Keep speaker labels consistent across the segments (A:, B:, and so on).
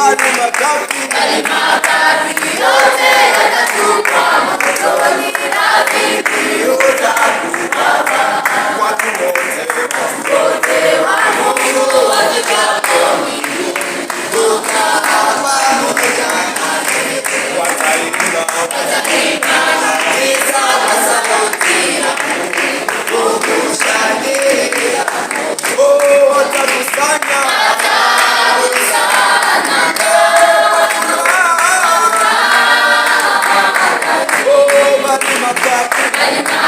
A: Malimani makapi yaani yote yatatupwa motoni, na vipi utatupata? Watu
B: wote wa Mungu wakitokea pamoja nami
A: wataimba,
B: wataimba kwa sauti ya kukusanyika,
A: watakusanya Vai,
B: vai, vai.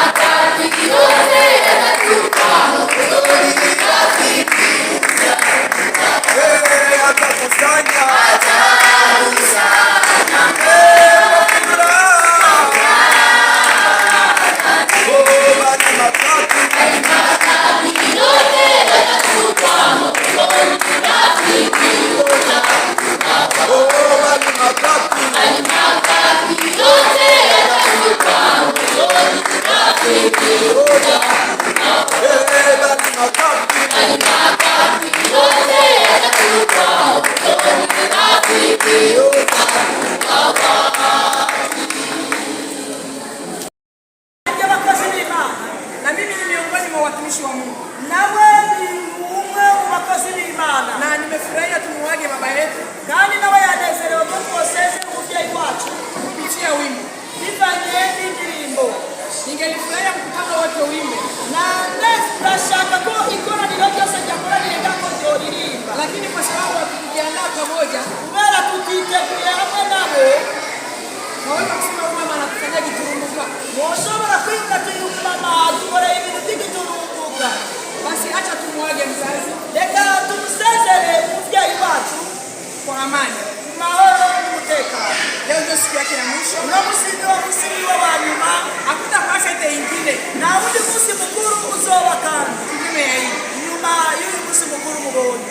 C: amani.
D: Maoro muteka.
C: Leo ndio siku yake ya mwisho.
D: Unamusibi wa msingi wa nyuma,
C: akuta pasa ingine.
D: Na uli kusi mukuru uzowa kana.
C: Kinyume ya hii.
D: Nyuma yuli kusi mukuru mugoni.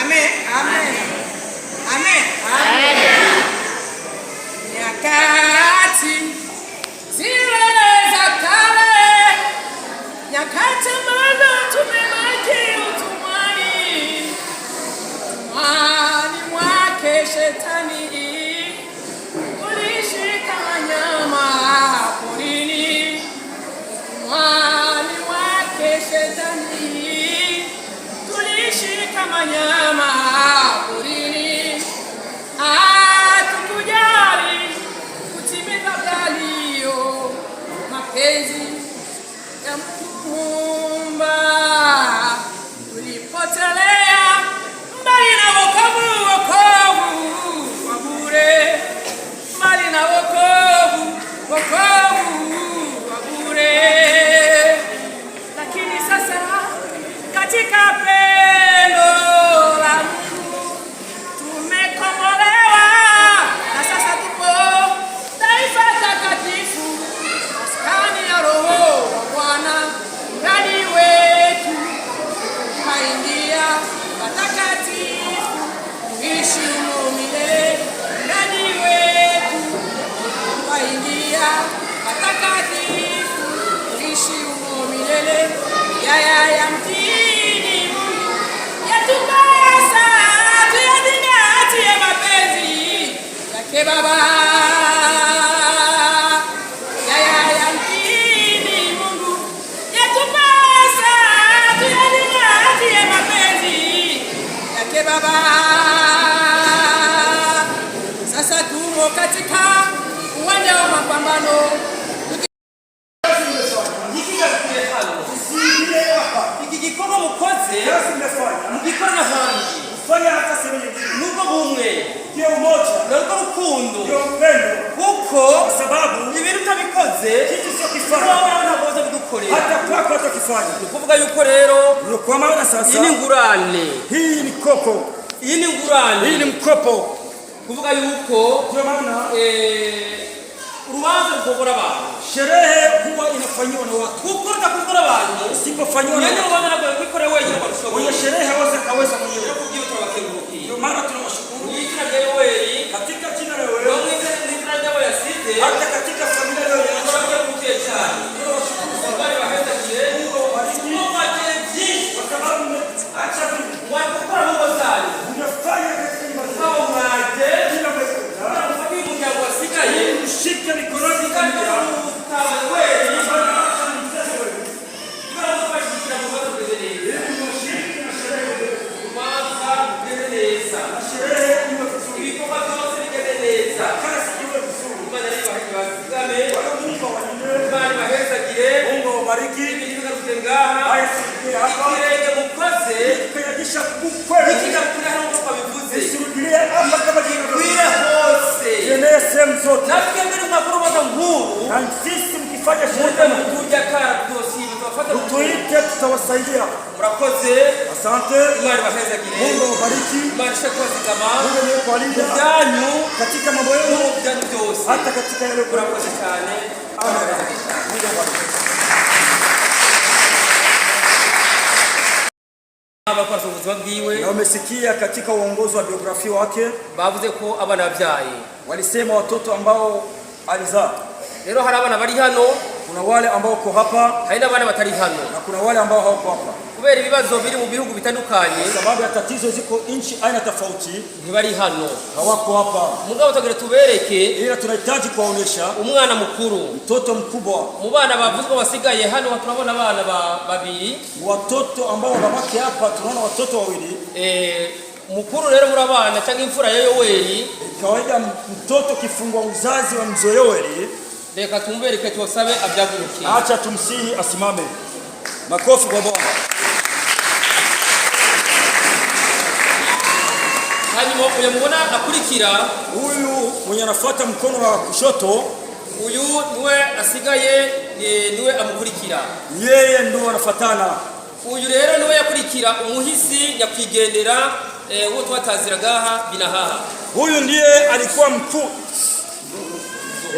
C: Amen. Amen. Amen. Amen. Nyakati. Zile kale. Nyakati time Bye-bye.
E: sasa.
F: Iyi ni ngurane.
E: Hii ni kopo.
F: Hii ni ngurane.
E: Hii ni mkopo.
F: Kuvuga yuko kwa maana eh urubanza rukogora abantu.
E: Sherehe huwa inafanywa na watu.
F: na kugora abantu Sipofanywa na watu. Yeye ubanza nagoye kwikora wenyine kwa sababu. Oya sherehe haweza kaweza mwenyewe.
E: Ndio kujiwa tunawakengurukia.
F: Kwa maana tunawashukuru. Ni kila leo wewe
E: katika jina la wewe.
F: Ndio ni kila leo ya sita. kusaidia. Mrakoze. Asante. Imani kile.
E: Mungu awabariki.
F: Imani shakwa Mungu
E: katika mambo yenu Hata katika yale
F: Amen.
E: Mungu awabariki. Na umesikia katika uongozi wa biografia wake
F: bavuze ko abana byaye
E: walisema watoto ambao alizaa.
F: Rero hari abana bari hano
E: kuna wale ambao wako hapa
F: hari n'abandi batari hano
E: na kuna wale ambao hawako hapa
F: kubera ibibazo biri mu bihugu bitandukanye
E: sababu ya tatizo ziko inchi aina tofauti
F: ntibari hano
E: hawako hapa
F: mugabo tugere tubereke
E: ila tunahitaji kuwaonesha
F: umwana mkuru
E: mtoto mkubwa
F: mu bana bavuzwa basigaye hano tunabona abana babiri
E: watoto ambao babake hapa tunaona watoto wawili
F: eh mukuru rero muri abana cyangwa imfura ya yoweli
E: kawaida mtoto kifungwa uzazi wa mzoyoweli
F: reka tumve reka tuwasabe abyagurukiye
E: acha tumsihi asimame makofi kwa Bwana
F: hanyuma uyu mubona akurikira
E: huyu mwenye anafuata mkono wa kushoto
F: uyu niwe asigaye niwe amukurikira
E: yeye ndio anafatana
F: uyu rero niwe yakurikira umuhisi nyakwigendera e, uwo twataziragaha binahaha
E: huyu ndiye alikuwa mkuu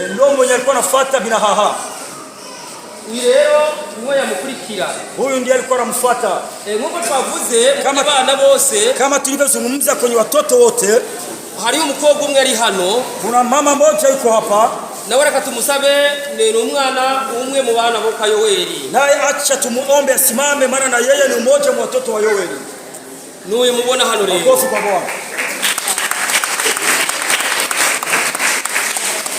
E: E, ndio mwenye alikuwa anafuata bila haha.
F: Uyu niwe yamukurikira,
E: huyu ndiye alikuwa anamfuata.
F: Nkuko e, twavuze kama
E: bana bose, kama tulivyozungumza kwenye watoto wote,
F: hari umukobwa umwe ari hano,
E: kuna mama mmoja yuko hapa
F: nawe reka tumusabe, ni umwana umwe mu bana bo kwa Yoweli,
E: naye acha tumuombe asimame, maana na yeye ni mmoja wa watoto wa Yoweli.
F: Nuyu mubona hano
E: rero, kwa Bwana.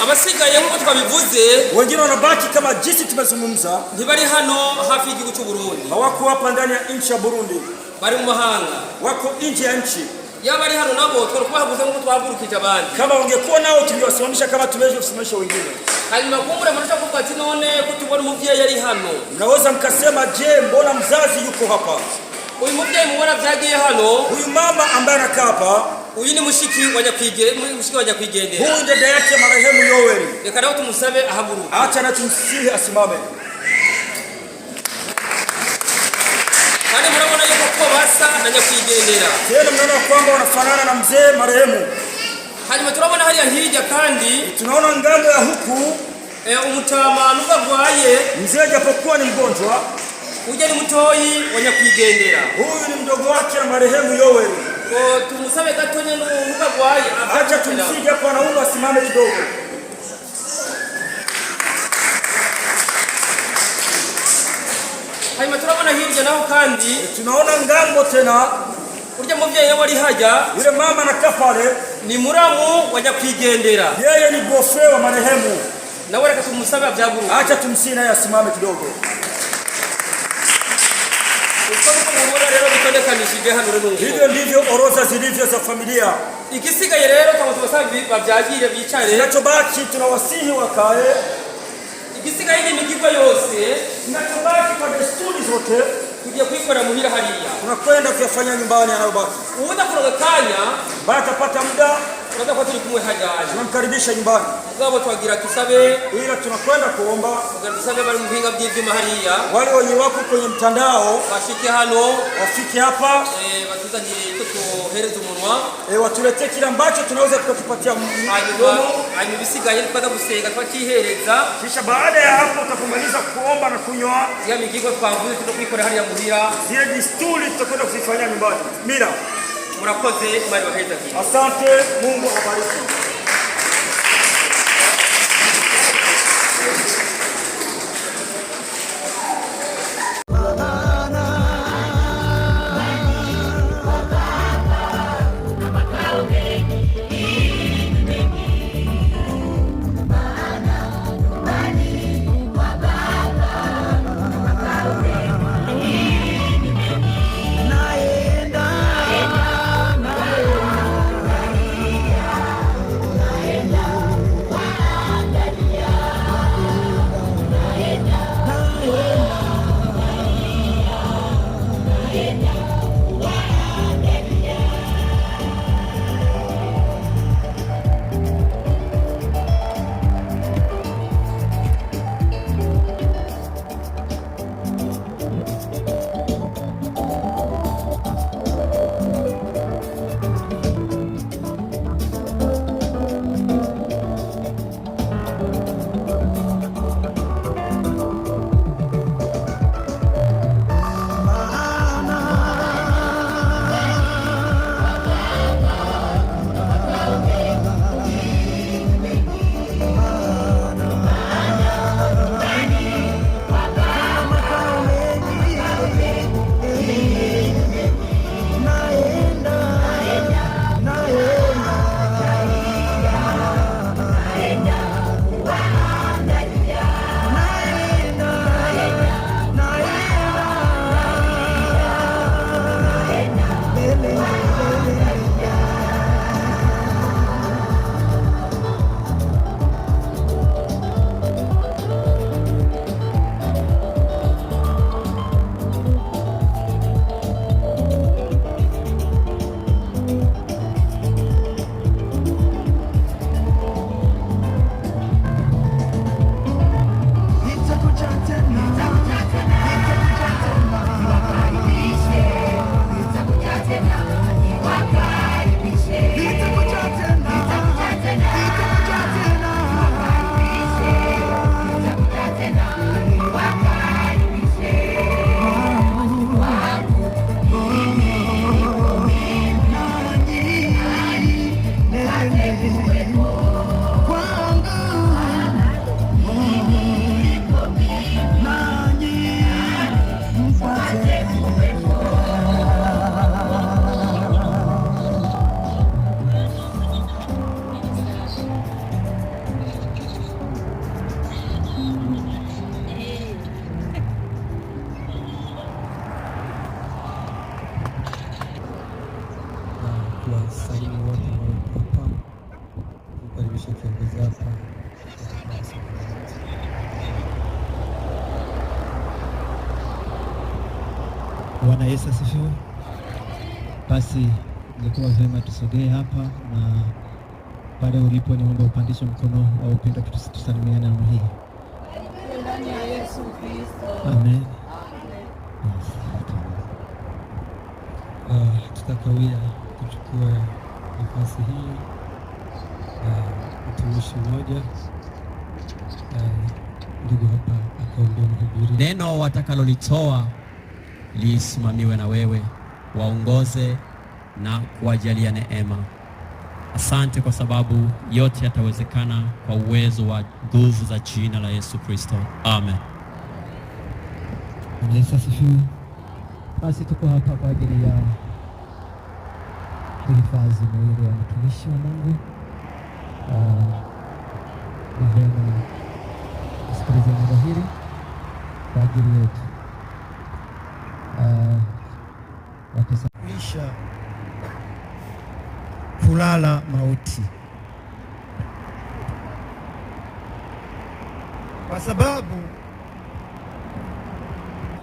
F: abasigaye nk'uko twabivuze
E: wengine wanabaki kama jinsi tumezungumza,
F: ntibari hano hafi y'igihugu cy'u Burundi,
E: hawako hapa ndani ya nchi ya Burundi,
F: bari mu mahanga,
E: wako nje ya nchi
F: yaba ari hano nabo twari kubahaguruza nk'uko twahagurukije abandi.
E: Kama ungekuwa nao tungewasimamisha kama tumeweza wengine.
F: Hanyuma kumbura maneno kuko ati none ko tubona umuvyeyi yari hano,
E: naweza mkasema, je, mbona mzazi yuko hapa?
F: Uyu muvyeyi mubona vyagiye hano,
E: huyu mama ambaye anakaa hapa
F: uyu ni mushiki wajya kwigendera mushiki wajya kwigendera
E: huyu dada yake marehemu Yoweri
F: reka nawe tumusabe ahaguruke
E: acha na tumsihi asimame
F: kandi murabona yuko ko basa na nyakwigendera
E: tena mnaona kwamba wanafanana na mzee marehemu
F: hanyuma turabona hariya hirya kandi
E: tunaona ngambo ya huku
F: e, umutama nugagwaye
E: mzee japokuwa ni mgonjwa
F: uja ni mtoi wa nyakwigendera
E: huyu ni mdogo wake marehemu Yoweri
F: tumusabe gatonya n'urubuga
E: acha tumsige kwa naomba asimame kidogo
F: hanyuma turabona hirya naho kandi eh,
E: tunaona ngambo tena
F: urya mubyeyi wari hajya
E: yule mama na kafare
F: ni muramu wajya kwigendera
E: yeye ni bofe wa marehemu
F: nawe reka tumusabe abyaguru
E: acha tumsina yasimame kidogo Hivyo ndivyo orodha zilivyo za familia.
F: Ikisigaye rero kama tubasangiye babyagire bicare.
E: Kinachobaki tunawasihi wakae.
F: Ikisigaye ni migigwa yose.
E: nachobaki kwa desturi zote
F: kuja kuikora muhira haliya.
E: Tunakwenda kuyafanya nyumbani anayobaki.
F: Uweza kuna kanya
E: batapata muda
F: tunajua kwa haja aje.
E: Tunamkaribisha nyumbani.
F: Ngabo twagira tusabe
E: ila tunakwenda kuomba.
F: Tusabe bali mvinga by'ivima hariya.
E: Wale wenye wako kwenye mtandao
F: wafike hano,
E: wafike hapa.
F: Eh, watuza ni watuzanie tutohereze umunwa.
E: Eh, watulete kila ambacho tunaweza tukakipatia Mungu.
F: Hanyuma bisigaye tupata gusenga twakihereza.
E: Kisha baada ya hapo utapomaliza kuomba na kunywa.
F: Ya migigo twavuze hali ya muhira.
E: Zile disturi tutakwenda kuzifanyia nyumbani. Mira.
F: murakoze mwari wa heza
E: asante mungu
G: basi ingekuwa vyema tusogee hapa na pale ulipo, niomba upandishe mkono wa upendo tusalimiane namna hii. Amen. Ah, tutakawia kuchukua nafasi hii ah, mtumishi mmoja ah, ndugu hapa akaombea mhubiri,
H: neno watakalolitoa lisimamiwe na wewe, waongoze na kuwajalia neema. Asante kwa sababu yote yatawezekana kwa uwezo wa nguvu za jina la Yesu Kristo, amen.
G: Yesu asifiwe. Basi tuko hapa kwa ajili ya kuhifadhi mwili wa mtumishi wa Mungu. Ah, ni vyema kusikiliza neno hili kwa ajili yetu. Ah,
I: kulala mauti, kwa sababu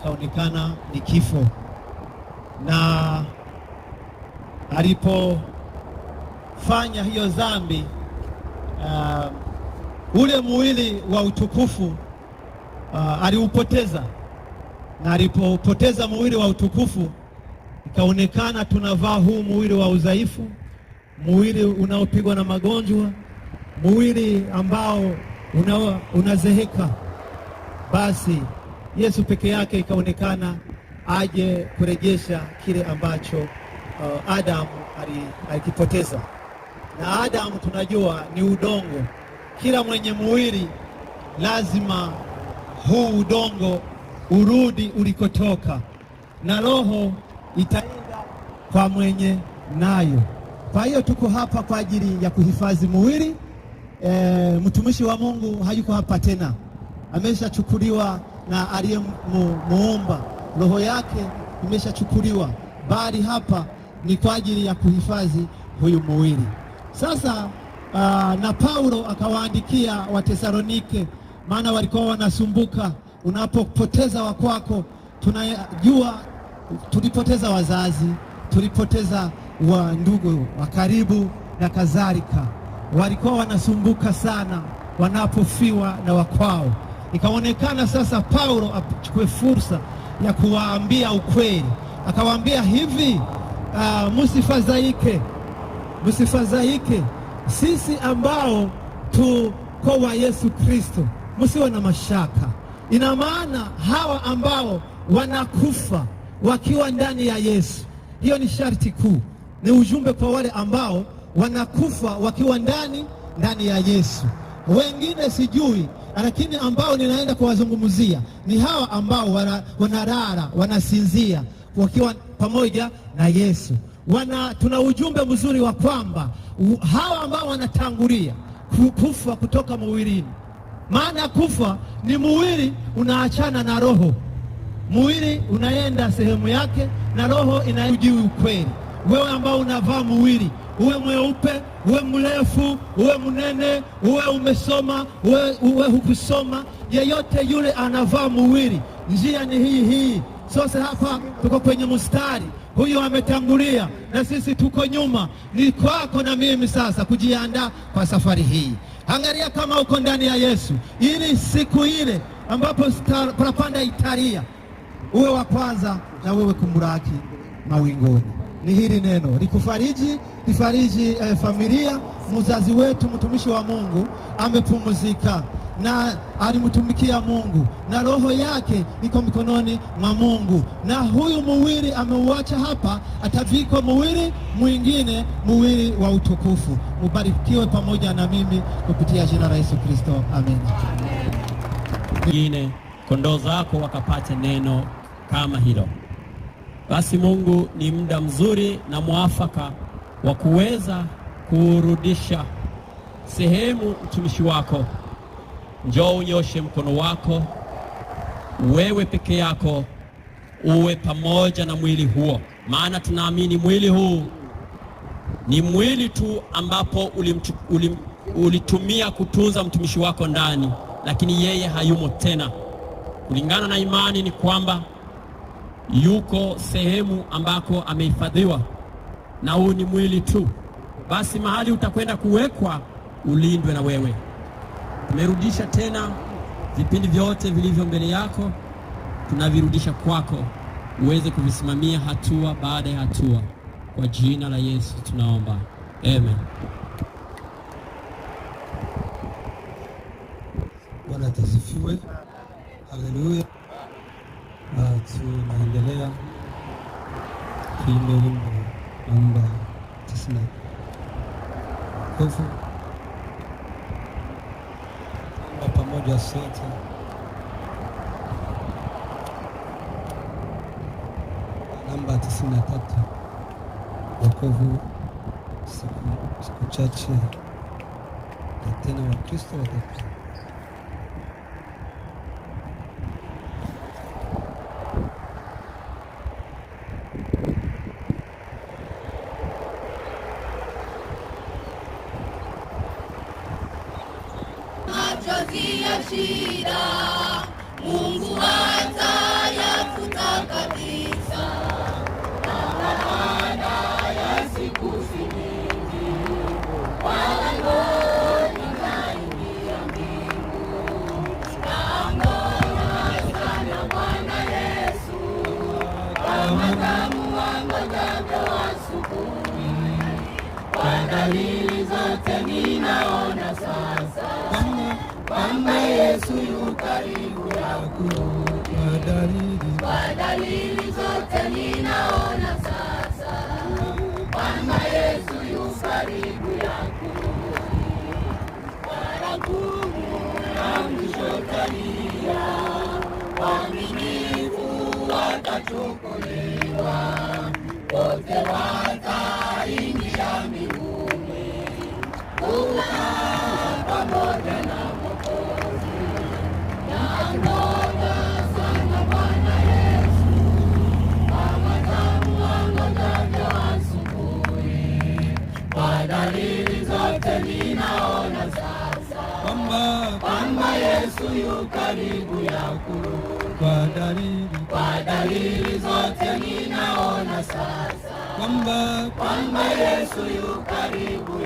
I: kaonekana ni kifo, na alipofanya hiyo dhambi uh, ule mwili wa utukufu uh, aliupoteza, na alipopoteza mwili wa utukufu ikaonekana tunavaa huu mwili wa udhaifu mwili unaopigwa na magonjwa, mwili ambao una, unazeheka. Basi Yesu peke yake ikaonekana aje kurejesha kile ambacho uh, Adamu alikipoteza. Na Adamu tunajua ni udongo. Kila mwenye mwili lazima huu udongo urudi ulikotoka, na roho itaenda kwa mwenye nayo. Kwa hiyo tuko hapa kwa ajili ya kuhifadhi mwili e, mtumishi wa Mungu hayuko hapa tena, ameshachukuliwa na aliyemuomba, roho yake imeshachukuliwa, bali hapa ni kwa ajili ya kuhifadhi huyu mwili sasa. Uh, na Paulo akawaandikia Watesalonike, maana walikuwa wanasumbuka, unapopoteza wakwako. Tunajua tulipoteza wazazi, tulipoteza wa ndugu wa karibu na kadhalika, walikuwa wanasumbuka sana wanapofiwa na wakwao. Ikaonekana sasa Paulo achukue fursa ya kuwaambia ukweli, akawaambia hivi, uh, ah, msifadhaike, msifadhaike, sisi ambao tuko wa Yesu Kristo, msiwe na mashaka. Ina maana hawa ambao wanakufa wakiwa ndani ya Yesu, hiyo ni sharti kuu ni ujumbe kwa wale ambao wanakufa wakiwa ndani ndani ya Yesu. Wengine sijui, lakini ambao ninaenda kuwazungumzia ni hawa ambao wanarara, wanasinzia wakiwa pamoja na Yesu. Wana, tuna ujumbe mzuri wa kwamba hawa ambao wanatangulia kufa kutoka mwilini, maana kufa ni mwili unaachana na roho, mwili unaenda sehemu yake na roho inajui ukweli wewe ambao unavaa mwili, uwe mweupe, uwe mrefu, uwe mnene, uwe umesoma, uwe, uwe hukusoma, yeyote yule anavaa mwili. Njia ni hii hii. Sasa hapa tuko kwenye mstari, huyu ametangulia na sisi tuko nyuma. Ni kwako na mimi sasa kujiandaa kwa safari hii. Angalia kama uko ndani ya Yesu, ili siku ile ambapo kunapanda italia uwe wa kwanza na wewe kumuraki mawingoni ni hili neno likufariji, lifariji eh, familia. Mzazi wetu mtumishi wa Mungu amepumzika na alimtumikia Mungu na roho yake iko mikononi mwa Mungu, na huyu mwili ameuacha hapa, atavikwa mwili mwingine, mwili wa utukufu. Mubarikiwe pamoja na mimi kupitia jina la Yesu Kristo, amen. Amen. Kondoo zako wakapate neno kama hilo basi Mungu ni muda mzuri na mwafaka wa kuweza kuurudisha sehemu mtumishi wako. Njoo unyoshe mkono wako, wewe peke yako, uwe pamoja na mwili huo, maana tunaamini mwili huu ni mwili tu ambapo ulimtu, ulim, ulitumia kutunza mtumishi wako ndani, lakini yeye hayumo tena. Kulingana na imani ni kwamba yuko sehemu ambako amehifadhiwa na huu ni mwili tu, basi mahali utakwenda kuwekwa ulindwe na wewe. Tumerudisha tena vipindi vyote vilivyo mbele yako, tunavirudisha kwako uweze kuvisimamia hatua baada ya hatua. Kwa jina la Yesu tunaomba, amen.
G: Bwana asifiwe. Haleluya yetu inaendelea. Tuimbe wimbo namba tisini. Hofu amba pamoja sote namba 93 na Wokovu siku chache na tena Wakristo watakuja
J: shida, Mungu atayafuta kabisa, baada ya siku nyingi, wanaingia kama Tambua sana Bwana Yesu, kama damu wa asubuhi, kwa dalili zote ninaona sasa kwamba Yesu yu karibu ya kuja. Kwa dalili zote ninaona sasa kwamba Yesu yu karibu ya kuja. Baragumu la mwisho italia, waaminifu watachukuliwa wote Yesu yu karibu yangu,
K: kwa dalili
J: kwa dalili zote ninaona sasa
K: kwamba
J: kwamba Yesu yu karibu